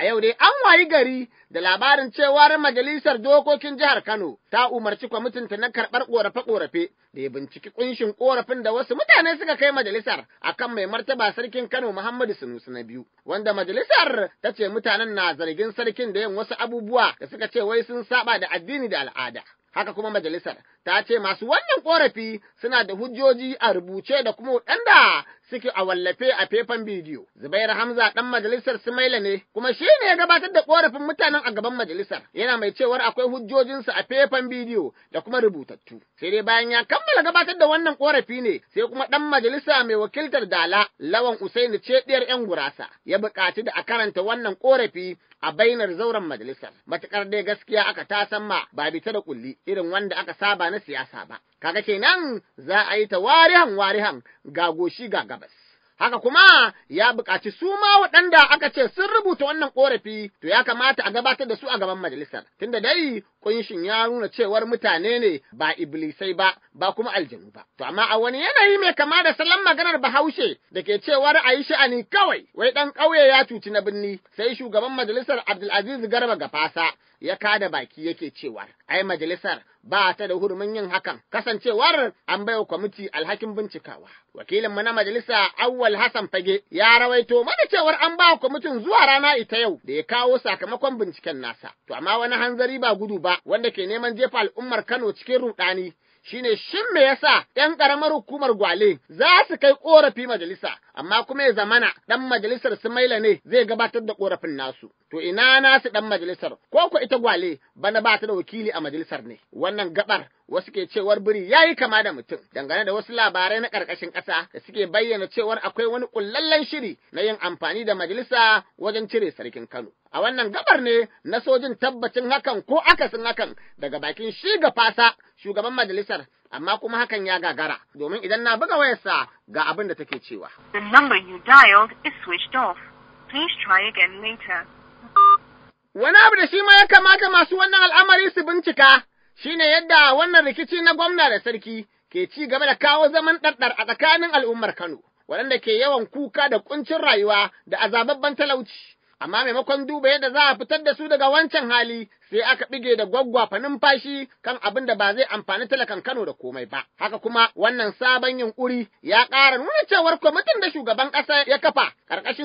A yau dai an wayi gari da labarin cewar Majalisar Dokokin Jihar Kano ta umarci kwamitinta na karɓar ƙorafe-ƙorafe da ya binciki ƙunshin ƙorafin da wasu mutane suka kai majalisar akan mai martaba sarkin Kano Muhammadu Sunusi na biyu, wanda majalisar ta ce mutanen na zargin sarkin da yin wasu abubuwa da suka ce wai sun saba da addini da al'ada. Haka kuma majalisar ta ce masu wannan ƙorafi suna da hujjoji a rubuce da kuma waɗanda suke a wallafe a faifan bidiyo. Zubairu Hamza ɗan majalisar Sumaila ne, kuma shi ne ya gabatar da ƙorafin mutanen a gaban majalisar, yana mai cewar akwai hujjojinsa a faifan bidiyo da kuma rubutattu. Sai dai bayan ya kammala gabatar da wannan ƙorafi ne, sai kuma ɗan majalisa mai wakiltar Dala, Lawan Usaini ce ɗiyar 'yan gurasa, ya buƙaci da a karanta wannan ƙorafi a bainar zauren majalisar. Matuƙar dai gaskiya aka tasan ma ba bita da ƙulli irin wanda aka saba na siyasa ba. Kaga kenan za a yi ta warihan warihan ga goshi ga gaba. Haka kuma ya buƙaci su ma waɗanda aka ce sun rubuta wannan ƙorafi to ya kamata a gabatar da su a gaban majalisar. Tunda dai kunshin ya nuna cewar mutane ne ba iblisai ba, ba kuma aljanu ba. To amma a wani yanayi mai kama da salon maganar Bahaushe da ke cewar a yi sha'ani kawai, wai ɗan ƙauye ya cuci na birni, sai shugaban majalisar Abdulaziz Garba ga fasa. ya kada baki yake cewa ai majalisar ba ta da hurumin yin hakan kasancewar an baiwa kwamiti alhakin bincikawa wakilin mu na majalisa awwal Hassan Fage ya rawaito mana cewar an ba kwamitin zuwa rana ita yau da ya kawo sakamakon binciken nasa to amma wani hanzari ba gudu ba wanda ke neman jefa al'ummar Kano cikin rudani shine shin me yasa ‘yan ƙaramar hukumar gwale za su kai ƙorafi majalisa, amma kuma ya zamana ɗan majalisar Sumaila ne zai gabatar da ƙorafin nasu. to ina na nasu ɗan majalisar ko ko ita gwale bana ba ta da wakili a majalisar ne wannan gabar wasu ke cewar biri ya yi kama da mutum dangane da wasu labarai na ƙarƙashin ƙasa da suke bayyana cewar akwai wani ƙullallen shiri na yin amfani da majalisa wajen cire sarkin Kano. A wannan gabar ne na sojin tabbacin hakan ko akasin hakan daga bakin shi ga fasa shugaban majalisar amma kuma hakan ya gagara domin idan na buga wayarsa ga abin da take cewa. The number you dialed is switched off. Please try again later. Wani abu da shi ma ya kamata masu wannan al'amari su bincika, shi ne yadda wannan rikici na gwamna da sarki ke ci gaba da kawo zaman ɗarɗar a tsakanin al'ummar Kano, waɗanda ke yawan kuka da ƙuncin rayuwa da azababban talauci. Amma maimakon duba yadda za a fitar da su daga wancan hali sai aka bige da gwaggwafa numfashi kan abin da ba zai amfani talakan Kano da komai ba. Haka kuma wannan sabon yunƙuri ya ƙara nuna cewar kwamitin da shugaban ƙasa ya kafa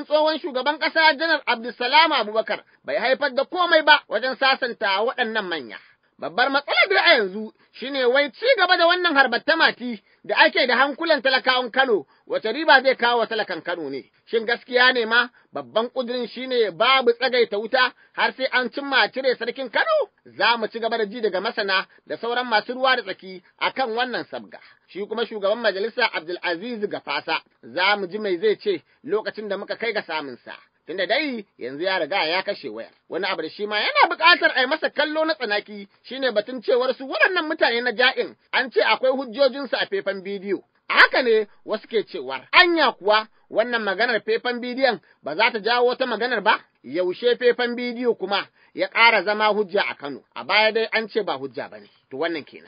tsohon shugaban ƙasa janar Abdulsalam Abubakar bai haifar da komai ba wajen sasanta waɗannan manya. Babbar matsalar da a yanzu shine wai ci gaba da wannan harbattamati da ake da hankulan talakawan Kano wace riba zai kawo wa talakan Kano ne. Shin gaskiya ne ma babban ƙudurin shine babu tsagaita wuta har sai an cimma cire sarkin Kano? Za mu ci gaba da ji daga masana da sauran masu ruwa da tsaki a kan wannan sabga. Shi kuma shugaban majalisa Abdulaziz Gafasa za mu ji mai zai ce lokacin da muka kai ga samunsa. tunda dai yanzu ya riga ya kashe wayar. Wani abu da shi ma yana buƙatar a yi masa kallo na tsanaki shine batun cewar su waɗannan mutane na ja'in an ce akwai hujjojinsu a faifan bidiyo. A Haka ne wasu ke cewar anya kuwa wannan maganar faifan bidiyon ba za ta jawo wata maganar ba? Yaushe faifan bidiyo kuma ya ƙara zama hujja a Kano, a baya dai an ce ba hujja ba ne, to wannan kenan.